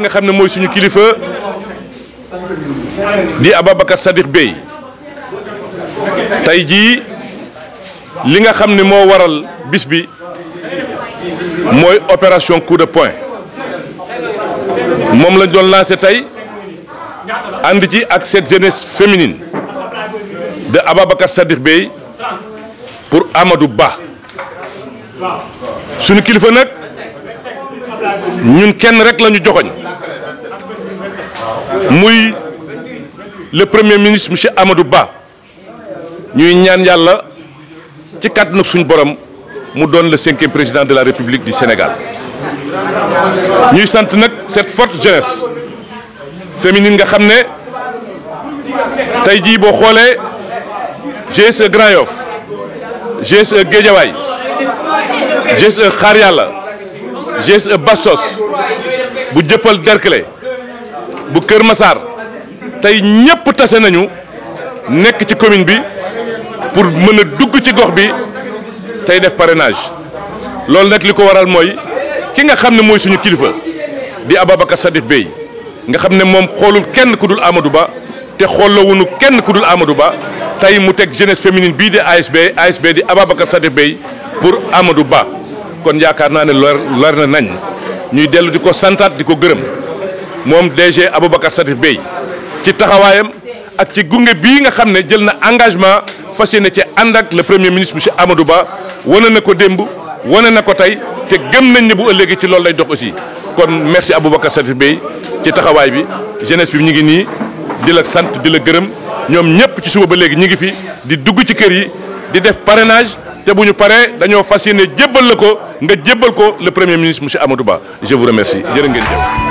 nga xam moy suñu kilifa di ababakar Sadikh Bey tay ji li nga xam mo waral bis bi moy opération coup de poing Mom lañ doon lancer tay and ci ak cette jeunesse féminine de ababakar Sadikh Bey pour Amadou Ba suñu kilifa nak ñun kenn rek lañu joxogn le premier ministre M. Amadou Ba ñuy ñaan yàlla ci nous suñu borom le cinquième président de la république du Sénégal Nous sentons cette forte jeunesse C'est nga xam nous jii nous sommes là, nous Bassos bu jëppal bu Kër Massar tey ñëpp tase nañu nekk ci commune bi pour mën a dugg ci gox bi tey def parrainage loolu nag li ko waral mooy ki nga xam ne mooy suñu kilifa di Ababacar Sadikh Bèye nga xam ne moom xoolul kenn ku dul Amadou Ba te xoolawuñu kenn ku dul Amadou Ba tey mu teg jeunesse féminine bii di ASB ASB di Ababacar Sadikh Bèye pour Amadou Ba kon yaakaar naa ne leer leer na nañ ñuy dellu di ko santaat di ko gërëm. mom DG Aboubacar Satif Bey ci taxawayam ak ci gungé bi nga xamné ne jël na engagement fas ci andak le premier ministre monsieur Amadou Ba wane na ko démb wane na ko gëm nañ ne bu ëllëgee ci lool lay dox aussi kon merci Aboubacar Satif Bey ci taxaway bi jeunesse bi ñu ngi nii di la sant di la gërëm ñoom ñëpp ci suba ba léegi ñu ngi fi di dugg ci kër yi di def parrainage té buñu paré dañoo fas djébal jébbal ko nga djébal ko le premier ministre monsieur Amadou Ba je vous remercie jërë ngeen jëf.